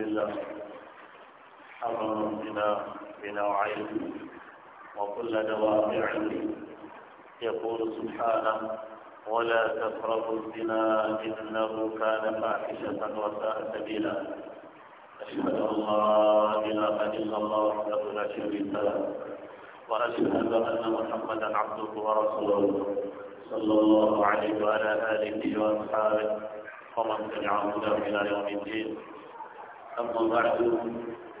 لله حرم الزنا بنوعين وكل دوافع يقول سبحانه ولا تقربوا الزنا إنه كان فاحشة وساء سبيلا أشهد أن لا إله إلا الله وحده لا شريك له وأشهد أن محمدا عبده ورسوله صلى الله عليه وعلى آله وأصحابه ومن تبعهم إلى يوم الدين أما بعد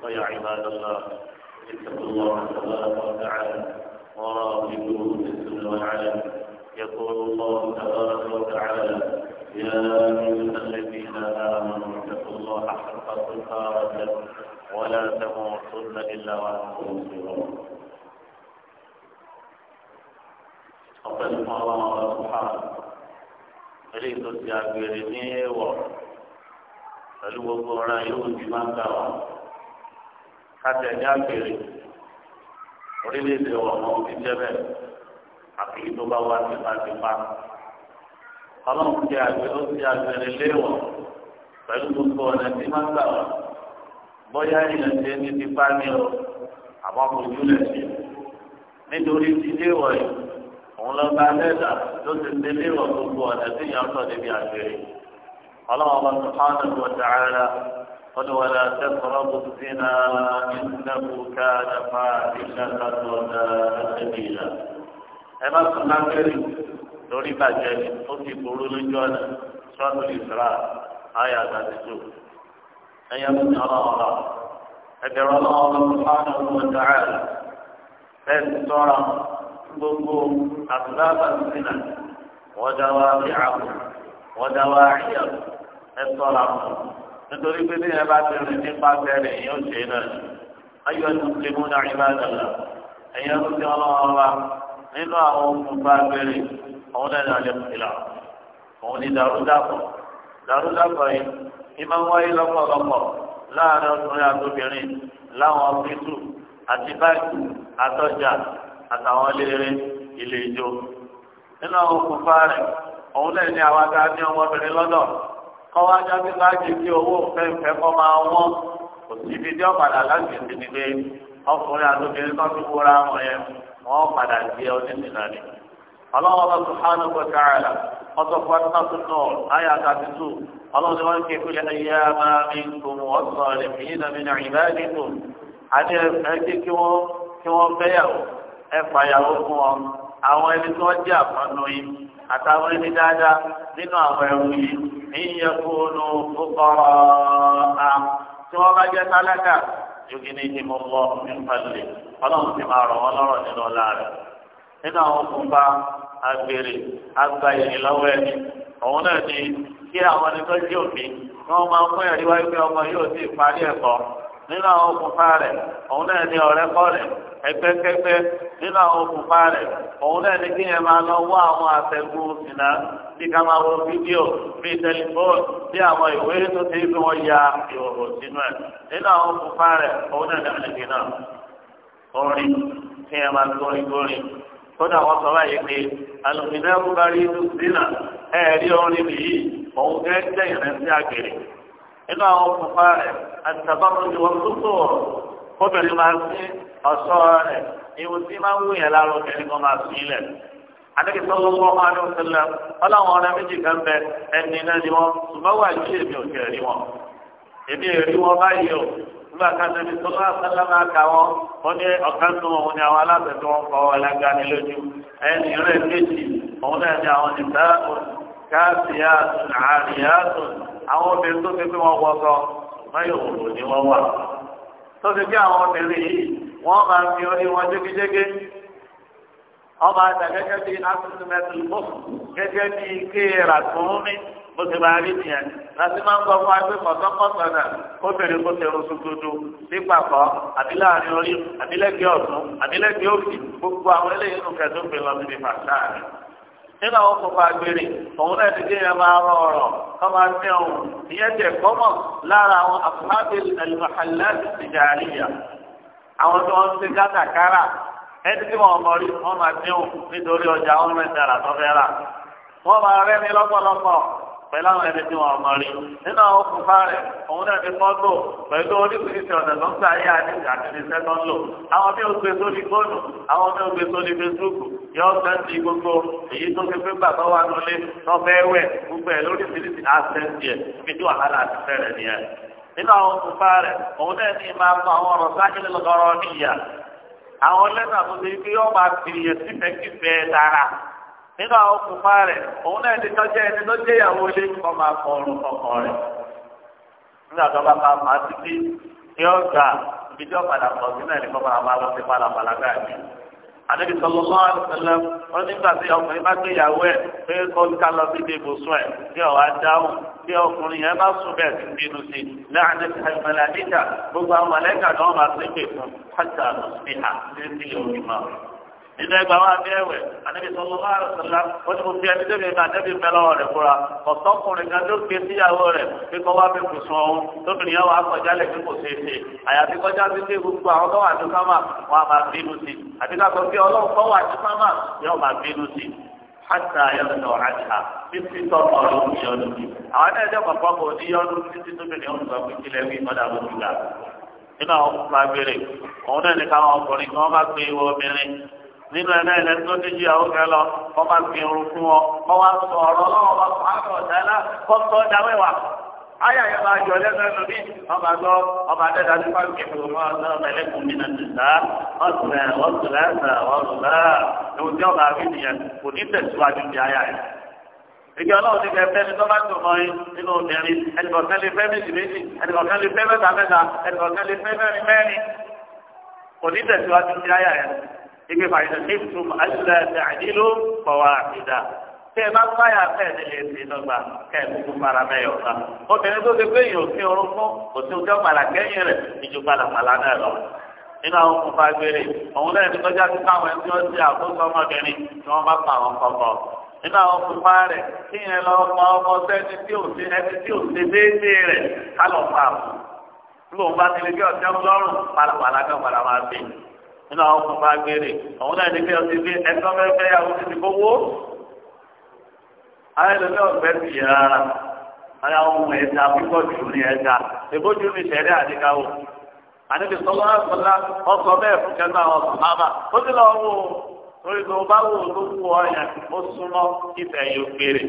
فيا عباد الله اتقوا الله تبارك وتعالى وراقبوا في والعلم يقول الله تبارك وتعالى يا أيها الذين آمنوا اتقوا الله حق تقاته ولا تموتن إلا وأنتم مسلمون أقسم الله سبحانه إليك تجاوبني وقت pẹ̀lú gbogbo ọ̀ràn yóò ti máa ń gbà wá. kátẹ̀já kiri orílẹ̀-èdè ọ̀mọ́ ti jẹ́bẹ̀ àfi tó bá wá tipátipá. ọlọ́run ti àgbẹ̀ ó ti àgbẹ̀rẹ̀ léwọ̀ pẹ̀lú gbogbo ọ̀nà tí máa ń gbà wá. bóyá ìyẹn ti ní tipá ní o àmọ́ kò júlẹ̀ sí i nítorí ilé wọ̀nyí òun lọ́ba lẹ́dà ló ti délé wọ̀ gbogbo ọ̀nà tí yàn sọ níbi àgbèrè. قال الله سبحانه وتعالى قل ولا تقربوا الزنا انه كان فاحشه وساء سبيلا اما سبحان الله لوري باجي او في بولو لجوانا سبحان الاسراء آية تاتسو أي من أرى الله أدر الله سبحانه وتعالى أن سورة بكم أسباب الزنا ودواعيهم ودواعيهم ẹ sọ́ra nítorí pé bíyẹn bá ti rìn nípa bẹ́ẹ̀rẹ̀ yóò ṣe náà ayọ̀ ẹni tó lè mú náà rí báyìí lọ ẹ̀yẹ ló ti ọlọ́wọ́ wa nínú àwọn ohun bá bẹ́ẹ̀rẹ̀ àwọn náà ní alẹ́ kùtìlá òun ni dàrúdàpọ̀ dàrúdàpọ̀ yìí ni máa ń wáyé lọ́pọ̀lọpọ̀ láàárín ọkùnrin àtòbìnrin láwọn ọ́fíìsù àti báyìí àtọ́jà àtàwọn eléré ilé ijó nínú àwọn okùnfà rẹ̀ òun náà ní àwọn kọ́wá jáde láti fi owó fẹ́fẹ́ kọ́ máa wọ́n kò sí ibi tí ọ̀padà láti ti ní pé ọkùnrin àtòkèrè tó ti wúra wọn yẹn wọ́n padà di oníṣìnà ni. ọlọ́wọ́ bá subhanahu wa ta'ala ọtọ́ fún tù wọ́n ayé máa mi fi yín àti kí wọ́n kí wọ́n fẹ́yàwó ẹ fàyàwó fún wọn àwọn ẹni tó jẹ́ ìyẹ̀kùnú fúkọ̀rọ̀ à tí wọ́n bá jẹ́ tálákà yókìní ti mọ lọ nípalẹ̀ ọlọ́run ti máa rọ̀ wọ́n lọ́rọ̀ nínú ọ̀la rẹ̀ nínú àwọn òkúńbá agbèrè agbàyèrè lọ́wọ́ ẹni òun náà ni kí àwọn ẹni tó jẹ́ òbí wọ́n máa fún ẹ̀rí wáyé pé ọmọ yóò sì parí ẹ̀kọ́ nínú àwọn okùnfà rẹ̀ òun náà ní ọ̀rẹ́ kọ́ rẹ̀ ẹgbẹ́kẹ́gbẹ́ nínú àwọn okùnfà rẹ̀ òun náà ní kí yẹn máa lọ wá àwọn àtẹ̀gùn ìsìnà bí ká máa wo fídíò bí tẹlifóònù bí àwọn ìwé tó ti fi wọ́n ya ìhòòhò sínú ẹ̀ nínú àwọn okùnfà rẹ̀ òun náà ní àlejò náà orin kí yẹn máa gbórin gbórin kódà wọn sọ báyìí pé alùpùpù náà ń bá rí inú sínà ẹ̀ẹ́dí orin nìyí òun inú àwọn òkùnfà rẹ̀ àtàbọ̀rọ̀ ni wọ́n tó tó ọ̀rọ̀ obìnrin máa ń sí ọ̀ṣọ́ rẹ̀ ìwọ̀n tí máa ń wù yẹn lára obìnrin kan máa sí ilẹ̀. Adéke sọ lọ́wọ́ ọmọdé ọ̀sẹ̀lẹ̀ ọlọ́wọ́n ọ̀rẹ́ méjì kan bẹ ẹni náà ni wọ́n ṣùgbọ́n wà ní èmi ò rí wọn. Èmi ò wọn báyìí o. Nígbà kan tẹ̀lé tó bá sálá máa wọ́n, ní ọ̀kan tó wọn ni àwọn alábẹ̀tẹ̀ wọn kọ́ ọ̀làgánilójú. Ẹni rẹ̀ méjì, òun náà ni àwọn nìkan káàbíyàtún àríyàtún àwọn obìnrin tó ti pé wọn wọkọ wọn yóò wò ní wọn wà tó ti pé àwọn obìnrin yìí wọn máa fi orí wọn jégéjégé wọn máa dà gẹ́gẹ́ bí asùnmẹtì bò gẹ́gẹ́ bí kéèrà tó ń mí bó ti máa rí nìyẹn láti máa ń gbọ́ fún agbé kọ̀tọ́kọ̀tọ̀ náà kóbìnrin kó ti rún sundudu nípàkọ́ àbílẹ̀ àárín orí àbílẹ̀ gbé ọ̀tún àbílẹ̀ òkè gbogbo àwọn eléyìí nù kẹ́tọ́ gbé lọ síbi fàṣà rẹ̀ nínú àwọn kọfà gbèrè òun náà ti déyà máa rọ ọ̀rọ̀ kọfà sí ọhún ìyẹn tẹ kọmọ lára àwọn àfúnábì alimahalabi tijariya àwọn tó ń ṣe kátàkárà ẹni tí wọn mọ rí wọn máa dín nítorí ọjà wọn mẹ́ta rà tọfẹ rà wọn máa rẹni lọ́pọ̀lọpọ̀ pẹ̀lú àwọn ẹni tí wọ́n mọ̀ rí nínú àwọn òkùnfà rẹ̀ òun náà ti fọ́tò pẹ̀lú oníṣiríṣi ọ̀nà tó ń gbà yé àdéhùn àti iṣẹ́ tó ń lò àwọn bí ó gbé sórí fóònù àwọn bí ó gbé sórí fesibúùkù yọ ọ̀sẹ̀ ti gbogbo èyí tó fi pé bàbá wa lọlé lọ́fẹ́ wẹ̀ gbogbo ẹ̀ lóríṣiríṣi àṣẹǹtì ẹ̀ fi tí wàhálà àti fẹ́rẹ̀ nìyẹn nínú àwọn òkùnfà nínú àwọn òkùnfà rẹ̀ òun náà ti tọ́jú ẹni tó jẹ́ ìyàwó ilé kọ́ máa kọ ọrùn kọ̀ọ̀kan rẹ̀ nígbà tó bá máa máa ibi tí ó padà pọ̀ sí náà ní kọ́ máa máa lọ sí palapala káàkiri. àdébí sọlọ lọ́wọ́ àdùsẹ́lẹ̀ wọn nígbà tí ọkùnrin bá gbé ìyàwó pé kó ká lọ sí ibi bí bí ọkùnrin yẹn bá sùn sí bínú sí láàrin nínú ẹgbà wa bí ẹwẹ̀ ànábi sọ̀rọ̀ wá sọ̀rọ̀ ó ti kò fi ẹni débi ìgbà débi ìfẹ́ lọ́wọ́ rẹ̀ fúnra ọ̀sọ́kùnrin kan ló gbé síyàwó rẹ̀ pé kọ́ wá fi kùsùn ọ̀hún tóbìnrin yẹn wà á kọjá lẹ̀ pé kò ṣeé ṣe àyàfi kọjá sí pé gbogbo àwọn tó wà ní kámà wọn a máa bínú sí àti ká sọ pé ọlọ́run tó wà ní kámà yóò máa bínú sí hasa yọnu ọ̀ràjà títí tọ́kọ lóhùn yọnu àwọn ẹ̀dẹ́ kọ̀ọ̀kan kò ní yọnu títí tóbìnrin ọ̀hún sọ pé kílẹ̀ wí mọ́dà lójú gbà nínú àwọn ọkùnrin agbèrè òun náà ní káwọn ọkùnrin kan bá gbé ìwọ obìnrin nínú ẹ̀ náà lẹ́nu tó díjú àwọn kan lọ wọ́n máa fi irun fún ọ wọ́n wá sọ ọ̀rọ̀ lọ́wọ́ bá fún akọ̀ ọ̀dàlá kọ́ sọ dáwẹ́wà ayà yẹn máa jọ lẹ́nu ẹnu bí ọba gbọ́ ọba dẹ́ta tí wọ́n fi fún ọ náà mẹ́lẹ́kùn mi náà nìta ọ̀sẹ̀ ọ̀sẹ̀ ẹ̀sẹ̀ ọ̀sẹ̀ ẹ̀hún tí ọba rí nìyẹn kò ní tẹ̀síwájú di ayà yẹn. ìjọ ọlọ́run ti kẹ fẹ́ni tó bá tó mọ yín obìnrin ẹnìkọ̀ọ̀kan lè fẹ́ méjì méjì ẹnìkọ̀ọ̀kan lè fẹ́ mẹ́ta mẹ́ta ẹnìkọ̀ọ̀kan lè fẹ́ mẹ́rin mẹ́rin kò ní tẹ̀síwájú di ayà yẹn ibi fàyè ẹ̀fún àṣìlẹ̀ ẹ̀sẹ̀ àdìlú kọ̀wá àfìdá. Tẹ́ ẹ bá fáyà fẹ́ẹ̀ ní lè fi lọ́gbà kẹ́ ẹ̀ fún fara mẹ́yọ̀ kan. Obìnrin tó ti pé èèyàn òfin orun fún òsì ọjọ́ padà kẹ́yìn rẹ̀ ìjù padà pàlà náà lọ. Nínú àwọn òkùnfà gbére, òun náà ti kọjá sí káwọn ẹni tí wọ́n ti àkóso ọmọbìnrin tí wọ́n bá pa àwọn kọ̀ọ̀kọ̀. Nínú àwọn òkùnfà rẹ̀ kí yẹn lọ pa ọmọ sẹ́ni tí ò sí ẹni tí ò sí déédéé rẹ̀ ká lọ pa bá ti lè gbé nínú àwọn ọkùnrin máa gbére àwọn náà ní pé ọtí bí ẹgbẹ́ fẹ́fẹ́ àwọn ti ti kówó ayé lórí ọ̀gbẹ́ ti yà á ayé àwọn ọmọ ẹ̀dá pípọ̀ jù ní ẹ̀dá ìbójú mi tẹ̀lé àdíkáwò àníbi sọlá sọlá ọsọ bẹ́ẹ̀ fún kẹta àwọn sọlábà ó ti lọ wò lórí tó bá wò tó kú ọyàn ó súnmọ́ ìfẹ̀yìn òkèèrè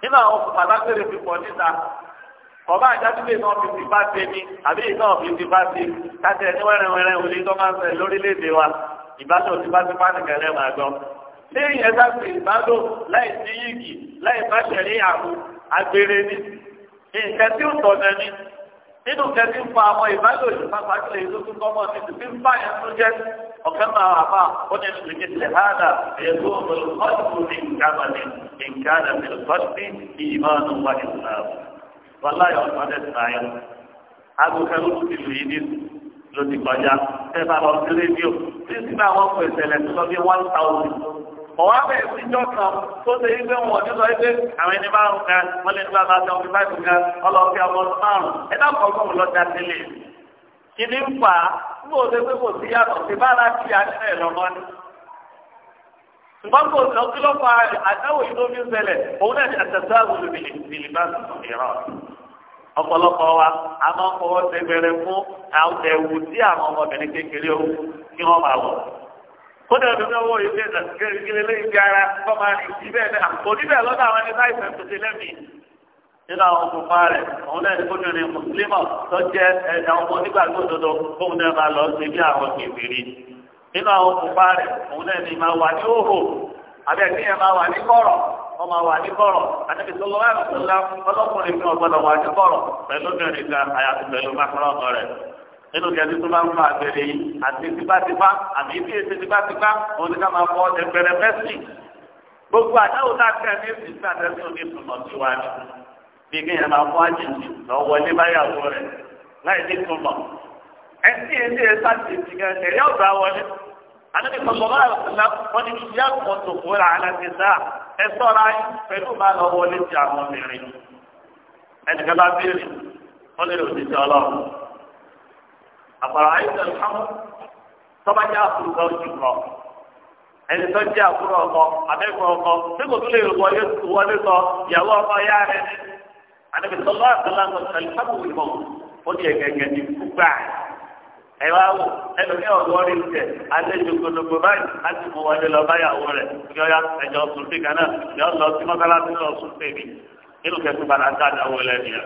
nínú àwọn pàtàkì ọba àjàdúgbò náà fi ti bá ṣe ni àbí náà fi ti bá ṣe káṣí ẹni wẹ́rẹ́wẹ́rẹ́ òní tó máa ń ṣe lórílẹ̀‐èdè wa ìbádò ti bá ti bá nìkan lẹ́ máa gbọ́. lẹ́yìn ẹ̀dá pé ìbádò láì sí yìgì láì bá ṣẹ̀rí àrùn agbére ni nǹkan tí ó tọ̀nà ni nínú nǹkan tí ń fa àwọn ìbádò yìí pápá tó lè tó tún kọ́mọ́ ní ti fi ń bá yẹn tó jẹ́ ọ̀kan máa wà fà ó ní ẹni lóye tilẹ̀ hádà èso olùkọ́sùn ní nǹkan mọ̀ ní nǹkan àti olùkọ́sùn ní ìmọ̀ ọ̀nà wáyé náà wàláyọ̀ ọ̀sọ́dẹ̀ sàáyọ̀ agbókẹ́rù ti lù yí ní ló ti kọjá ẹ bá lọ sí rédíò títí náà wọ́n pè sẹlẹ̀ tó lọ bí one thousand. ọ̀wá bẹ̀ síjọ́ kan tó ṣe ilé wọn nílò ilé àwọn ẹni bá rùn kan wọ́n lè nígbà láti ọ̀gbìn báyìí kan ọlọ́ọ̀kẹ́ ọmọ márùn-ún ẹ náà kọ́ gbọ́n lọ já sílé. kí ni ń fà á nígbà òde pé kò sí yàtọ̀ sí bá láti àṣẹ lọ́mọ ni. ṣùgbọ́n kò sọ kí ló fa àdáwò ń ṣẹlẹ̀ òun náà ọpọlọpọ wa a máa ń fọwọ́ sẹgbẹrẹ fún àwọn ẹ̀wù tí àwọn ọmọbìnrin kékeré o kí wọ́n máa wọ̀. kódà ọdún náà wọ ilé ìdàgbére ara kọ́ máa náà kò ní lọ́dọ̀ àwọn ẹni láì nínú àwọn òkùnfà òun náà ní kóbìnrin mùsùlùmọ̀ tó ọmọ fóun náà máa lọ sí bí àwọn nínú àwọn òkùnfà òun náà ní ọmọ wa ní kọ̀rọ̀ àtẹ̀bí tó lọ́wọ́ àgùntàn ọlọ́kùnrin fún ọgbọ́dọ̀ wa ní kọ̀rọ̀ pẹ̀lú obìnrin kan àyàtọ̀ pẹ̀lú mákàrọ̀ ọkọ rẹ̀ nínú kẹ́ni tó bá ń fa àgbèrè yìí àti tipátipá àbí ibi èsì tipátipá òun ni ká máa fọ ẹgbẹ̀rẹ̀ mẹ́sì gbogbo àdáwò náà kẹ́ ní ìsìn àtẹ̀sùn ní ìtumọ̀ tiwa ni bí kéèyàn máa fọ àjèjì lọ́wọ́ ní báyàwó rẹ̀ láì ní ìtumọ̀ ẹtí ẹtí ẹ sáà ti ti gan ẹ̀yà ọ̀gá wọlé anabi sọsọlá ẹsẹlẹ wọn ni ìyá kọtò fúra alẹsẹsẹ ẹ ṣọ́ra pẹ̀lú bá lọ wọlé ti àwọn obìnrin ẹnìkan bá béèrè wọn lè lòdì sí Ọlọ́run àpàrà àyíṣẹ ìhámọ tọba jẹ àkùrọ ojú kọ ẹni tó jẹ àkùrọ ọkọ abẹ́kọ̀ ọkọ tí kò tún lè wọlé wọlé sọ ìyàwó ọkọ ya rẹ anabi sọsọlá ẹsẹlẹ ẹsẹlẹ ìhámọ ìbọn ó ní ẹgẹgẹ ní kúgbà ẹ wá wò ẹnu ní ọ̀gbọ́n rí tẹ̀ alẹ́jọ gbogbo báyìí láti mú wọlé lọ báyàwó rẹ̀ kí ọ̀yà ẹ̀jọ̀ sùn sí kan náà yọ lọ sí mọ́sálásí lọ sùn sí mi nínú kẹsì padà dá àdáwọ̀ lẹ́nìyà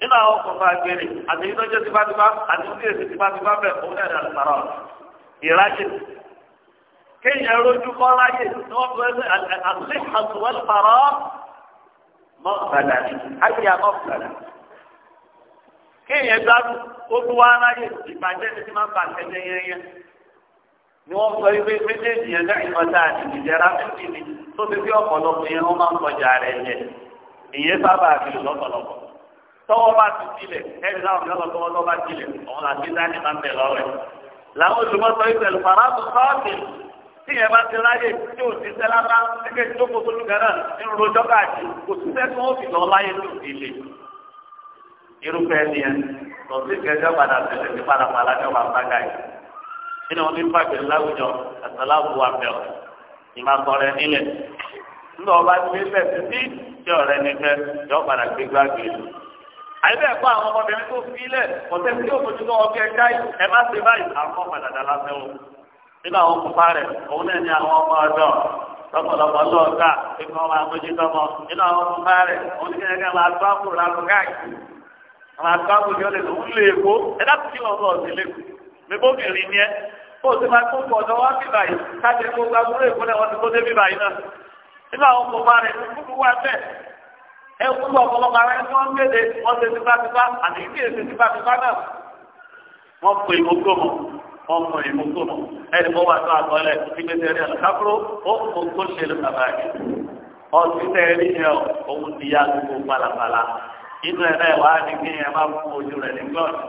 nínú àwọn ọkọ̀ọ̀fà gbére àti ìtọ́jú tipátipá àti ìdíyèsí tipátipá bẹ̀ òun náà dàrú ìrájẹ kéèyàn rojú kọ́ láyé tí wọ́n fẹ́ àti àti àtúwẹ́lì pàrọ̀ mọ́ kéèyàn gbádùn ó tún wá aráyè ìbàjẹ́ ti ti máa ń bà tẹ́lẹ̀ ni wọ́n sọ wípé méjèèjì yẹn dá ìmọ̀ta àdìdì jẹra méjì ni tó ti fi ọ̀pọ̀lọpọ̀ yẹn wọ́n máa ń kọjá rẹ̀ yẹn ìyẹn sábà àbílò lọ́pọ̀lọpọ̀ tọwọ́ bá ti tilẹ̀ ẹ̀rí láwọn yọ̀ọ́ tọwọ́ lọ́ bá tilẹ̀ ọ̀hún àti dání máa ń bẹ̀ lọ́rẹ̀ làwọn olùmọ̀sọ ìpẹ̀lú faratu sọ́ọ̀tì tí yẹn bá ti ráyè tí ò ti sẹ́lá bá ẹgbẹ́ ìjókòó tó lùgàrà nínú rojọ́ káàkiri kò irúfẹ́ ẹni yẹn lọ́sí kẹjọ́ padà tẹ̀lé ní padàpadà ní ọba àgbàgà yìí nínú ní pàgbẹ́ láwùjọ àtàláwù àbẹ̀wò ìmọ̀ àkọrẹ́ nílẹ̀ nígbà ọba ti gbé bẹ́ẹ̀ títí tí ọ̀rẹ́ ní fẹ́ yọ padà gbé gbàgbé lù. àyẹ̀bẹ̀ ẹ̀kọ́ àwọn ọmọbìnrin tó fi lẹ̀ kọ̀tẹ́ tí yóò fojú ọkẹ́ ká má báyìí àwọn òun àwọn àgbàgbọ yọ lè lò ń lè kó ẹ dákun kí wọn lọ sí lẹkọ mẹbọ kìrì ni ẹ kó o ti máa kó pọ̀ ọ̀dọ̀ wá bí báyìí káàdì kó gbàgbọ́rọ̀ èkó náà wọ́n ti kó dé bí báyìí náà nínú àwọn ọmọ ọba rẹ̀ kúkú wá bẹ́ẹ̀ ẹ kúkú ọ̀pọ̀lọpọ̀ ara ẹni wọ́n gbèdé wọ́n ṣe tipátipá àti kí èsì tipátipá náà wọ́n pè ìmúgbòmọ̀ wọ́n pè ìmúgbòmọ̀ ẹni kó wà tó àtọ́lẹ̀ ìgbésẹ̀ rẹ̀ lọ́kàkúrò ó kò tó ṣe lọ́kàkúrò inú ẹ̀ náà wàá ní kí ẹ má fún ojú rẹ̀ ní gbọ́dọ̀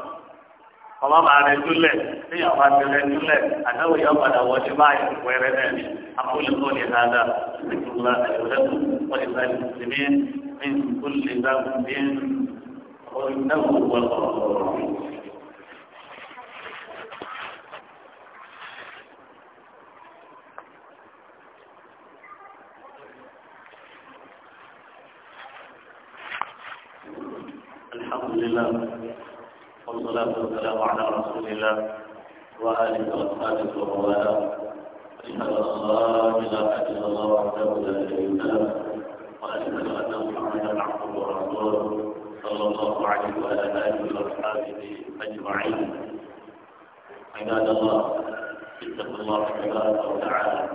ọmọ máa rẹ dúlẹ̀ tí yàrá máa ti rẹ dúlẹ̀ àdáwò yóò padà wọlé báyìí wẹ̀rẹ̀ náà ni akólókó ni nàdà ìdúrà ìrẹ́kù wọlé báyìí mùsùlùmí ní kúlẹ̀ dáhùn bí ọ̀rọ̀ ìdáhùn wọlé ọ̀rọ̀ والصلاة والسلام على رسول الله وآله وأصحابه وموالاه أشهد أن لا إله إلا الله وحده لا شريك له وأشهد أن محمدا عبده ورسوله صلى الله عليه وعلى آله وأصحابه أجمعين عباد الله اتقوا الله تبارك وتعالى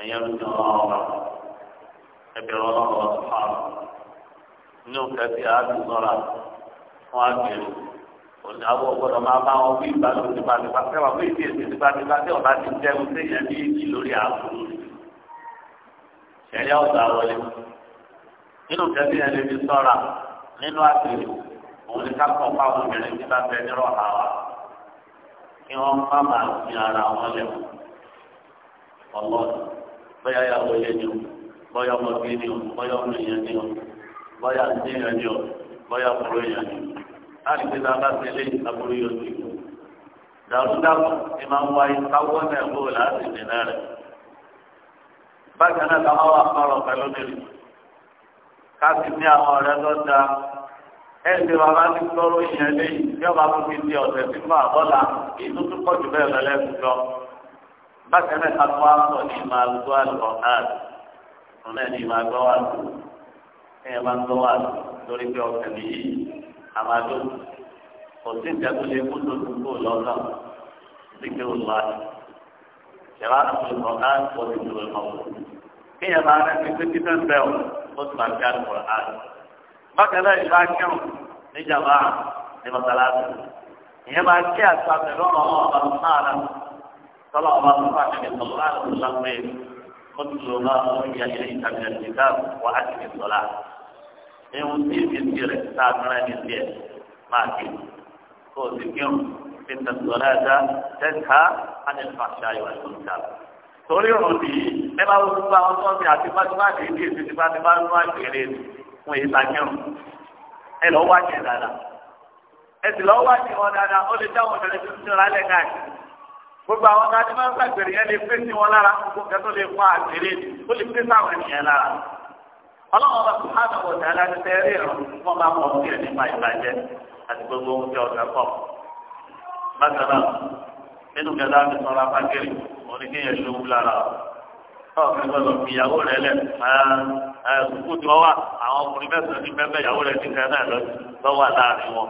أيام يمسك الله أبي الله سبحانه نوكا في هذه الصلاة wọn á gbèrò òní àwọn ọgbọ́dọ̀ máa bá wọn wí ìgbàlù nípa-nípa fẹ́ fún ìdí èsì nípa-nípa tí ọ̀la ti jẹun ní ìdí lórí ààbò ṣẹlẹ̀ ọ̀gá wọlé nínú yẹn lè fi nínú òun ní kápọ̀ fáwọn obìnrin kí wọ́n má fi ara wọn bóyá yẹn ni o bóyá ọmọ bíi ni o bóyá ọmọ yẹn ni o bóyá láti fi ta bá tẹ̀lé aburú yóò ti kú. dàrúdàpọ̀ ni máa ń wáyé káwọ́ náà bó láti dènà rẹ̀. bákan náà ká má wà fọ́rọ̀ pẹ̀lú nílùú. ká sì ní àwọn ọ̀rẹ́ tó da ẹ̀sìn bàbá ti sọ̀rọ̀ ìyẹn léyìí bí ọba tó fi di ọ̀sẹ̀ tí fún àbọ́là inú tó pọ̀ jù bẹ́ẹ̀ lọ lẹ́sùn lọ. bákan náà ká tó wá sọ̀ ní máa gbọ́ àlùkò náà ọ̀nà ẹni àmàdo kò sí ìjẹ́kùlé kúndùn kúndùn lọ́nà síkè olùwà ìyàrá àtúntò náà kò sí ìjọba ìmọ̀wò. kéèyàn máa rẹ́ pípé títẹ̀ ń bẹ̀ ọ́ ó sì máa ń gbádùn kọ̀ á. bákan náà ìlú akẹ́wọ̀n níjàmbá ní mọ́sálásí. ìyẹn máa kí àtúntò àtẹ̀lọ́ ọmọ ọba sùnmáàlà tọ́lọ́ ọba sùnmáàlà ní sọ̀rọ̀ láti sọ̀rọ̀ pé kó ẹ̀hún tí ìfìsí rẹ̀ sáàtúrà ní tiẹ̀ máa kí kó o sì kírun fi tẹ̀sán ẹ̀dá tẹ̀ka ánìfàṣà ìwà ìgbọ̀nsá. torí òun ni ẹ bá wọ́n gba ọtọ́ mi àti pátápátá ìdí èsì ti pátápátá ń wá kéré fún ìta kírun ẹ lọ wá kẹ dáadáa ẹ sì lọ wá kẹ wọn dáadáa ó lè dáwọn ọ̀dọ́lẹ̀ tó ń tún lálẹ́ káàkiri gbogbo àwọn ọ̀gá tí wọ́n ń gbàgbèrè yẹn lè pèsè wọn lára gbogbo kẹ́tọ́ lè fọ́ àgbèrè ó lè pèsè àwọn ènìyàn lára ọlọ́run bá sùhánù ọ̀dà aláṣẹ rí ọ̀run wọ́n máa mọ̀ ọ́n ẹ̀ nípa ìbàjẹ́ àti gbogbo ohun tí ọ̀dà kọ̀. bákan náà nínú kẹta mi sọ̀rọ̀ apákẹ́rì oníkéyàn ṣe wú lára ọ̀ tí wọ́n wà àwọn ọkùnrin mẹ́sàn-án ìyàwó rẹ̀ ti kẹ́ náà lọ́wọ́ láàrin wọn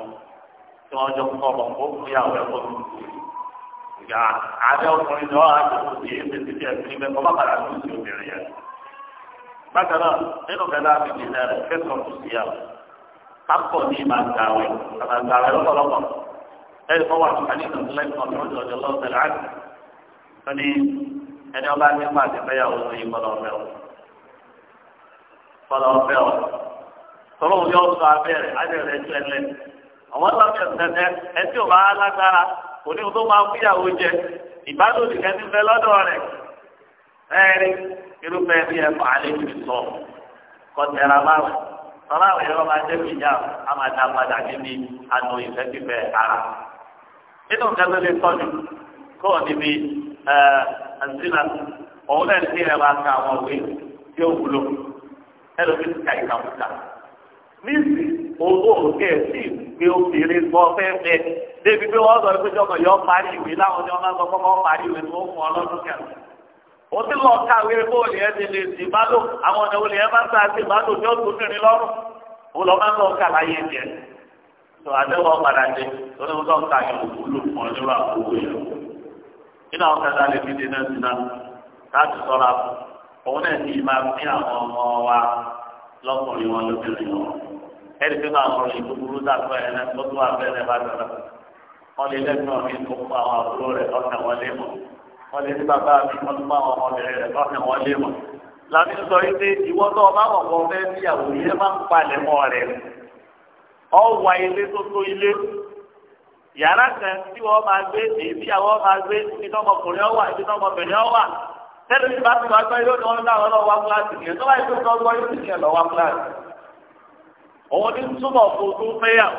tí wọ́n jọ kọ́ ọmọ kó fún ìyàwó ẹ̀ fún ìgbà àbẹ́ ọkùnrin lọ́wọ́ àti òkú yìí ti bákan náà nínú kẹta fi di náà kẹsàn tó sì yà kápọ ní ìmà gàwé àmà gàwé lọ́pọ̀lọpọ̀ ẹni fọwọ́ àtúkàní ìtàkùnlẹ̀ ìtàn tó ń jọjọ lọ́wọ́ tẹ̀lé àti wọn ni ẹni ọba ní ìmà àti fẹ́yàwó ní ìmọ̀lọ́ ọ̀fẹ́ ọ̀ fọlọ́ ọ̀fẹ́ ọ̀ tọ́lọ́ òun yóò sọ abẹ́rẹ́ adẹ́rẹ́ tẹ́lẹ̀ àwọn lọ́kẹ̀ tẹ́tẹ́ ẹtí ẹ̀rí irúfẹ́ bí ẹ fà á sọ kọ́tẹ́ra báwẹ̀ tọ́lá àwọn ẹ̀rọ máa jẹ́ ìjà á máa dá padà níbi àná ìfẹ́kífẹ́ ara. nínú nǹkan lè tọ́jú kó o níbi ẹ̀ẹ́dínlá òun náà ti rẹ̀ máa ka àwọn òwe tí ó wúlò ẹ̀rọ fi ka ìkàkùkà. níìsì owó òkè sí gbọ́ fẹ́fẹ́ débi pé wọ́n sọ pé yọ parí ìwé láwọn ọjọ́ máa parí ìwé tó ọ o ti lọ kàwé bó o lè ẹ ti lè sì bá lò àwọn ọ̀nà olè ẹ bá sá sí bá lò ní oṣù mìíràn lọ́rùn o lọ máa ń lọ kà láyé jẹ tó àdéhùn padà dé tó ní wọn kà yẹn kò lò fún ọ níwà owó yẹn nínú àwọn kàtà lè fi dènà síná láti sọra òun náà ti máa fi àwọn ọmọ wa lọkùnrin wọn lóbìnrin wọn ẹni pé máa sọ̀rọ̀ ìlú burú dàgbà ẹ náà tó tó abẹ́rẹ́ bá dọ̀rọ̀ wọ́n sọ yìí pé tó ọba wọ̀kọ̀ fẹ́ níyàwó yẹn máa ń palẹ̀ mọ́ rẹ̀. ọ wà ilé tó tó ilé yàrá kan tí wọ́n máa gbé èyí máa gbé ibi tó ọwà ibi tó ọwà tẹ́lẹ̀ bí bá ti wá gbọ́ yóò ní wọ́n lọ́wọ́ wá kíláàsì yẹn tó bá yẹ kó gbọ́ yóò ti yẹn lọ́wọ́ kíláàsì. òun ní túbọ̀ fún fẹ́yàwó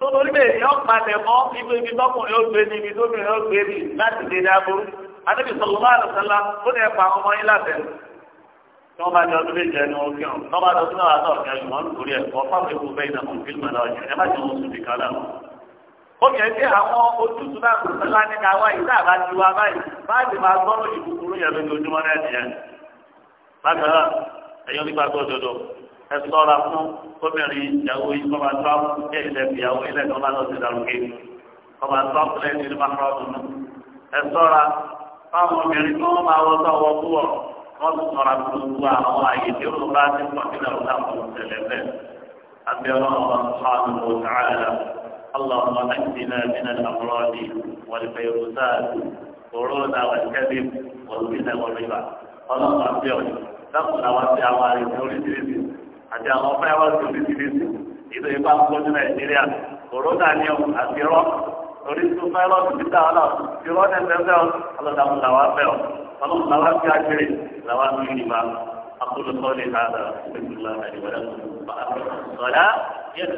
torí bẹ́ẹ̀ yọ padà mọ́ ibi ibi tọkùnrin ó gbé ní ibi tóbìnrin ó gbé ní láti dé ní aburú adébí sọlọ́mọ́ àlùsọ́lá ó ní ẹ̀fà ọmọ yín lábẹ́ tí wọ́n bá jẹ ọdún méje ẹnu òkè ọ̀hún tí wọ́n bá dọ̀tún náà àtọ̀ ọ̀kẹ́ ọ̀hún lórí ẹ̀ kọ́ fáwọn èkó bẹ́ẹ̀ náà fún fílmù náà ọ̀jẹ̀ ẹ má jẹ́ wọn sùn nìkan náà. omi ẹ̀ tí àwọn ojútùú náà kò sẹ́lá ní ká wáyé tá a bá ti wá báyìí má ti máa gbọ́ lóyún yẹn lójoojúmọ́ náà nìyẹn ẹ sọ́ra fún obìnrin ìyàwó yìí kọ́ máa tọ́ ẹ̀ ilẹ̀ ìyàwó ilẹ̀ tó máa lọ sí ìdàrúgẹ́ kọ́ máa tọ́ ọ̀pọ̀lẹ́ ní ìlú máa rọ́ọ̀dù ẹ sọ́ra fáwọn obìnrin tó máa wọ́ sọ́wọ́ kúwọ̀ wọ́n ti sọ́ra fún gbogbo àwọn àyè tí ó bá ti pọ̀ sílẹ̀ ọ̀dà fún ìṣẹ̀lẹ̀ bẹ́ẹ̀ أبي الله سبحانه وتعالى اللهم أهدنا من àti àwọn fáyọ́sì oríṣiríṣi ìlú ìbá ń gbọ́jú nàìjíríà kòrónà ni ọ àti rọ oríṣun fáyọ́sì títà ọ̀nà ìrọ́ nẹ́sẹ̀fẹ́ ọlọ́dàmú làwa fẹ́ ọ ọlọ́run làwa fi àgbèrè làwa fi ìgbà akóló sọ́ọ̀lì hàdà ìgbìlá àdìwọ̀dà ọ̀dà yẹn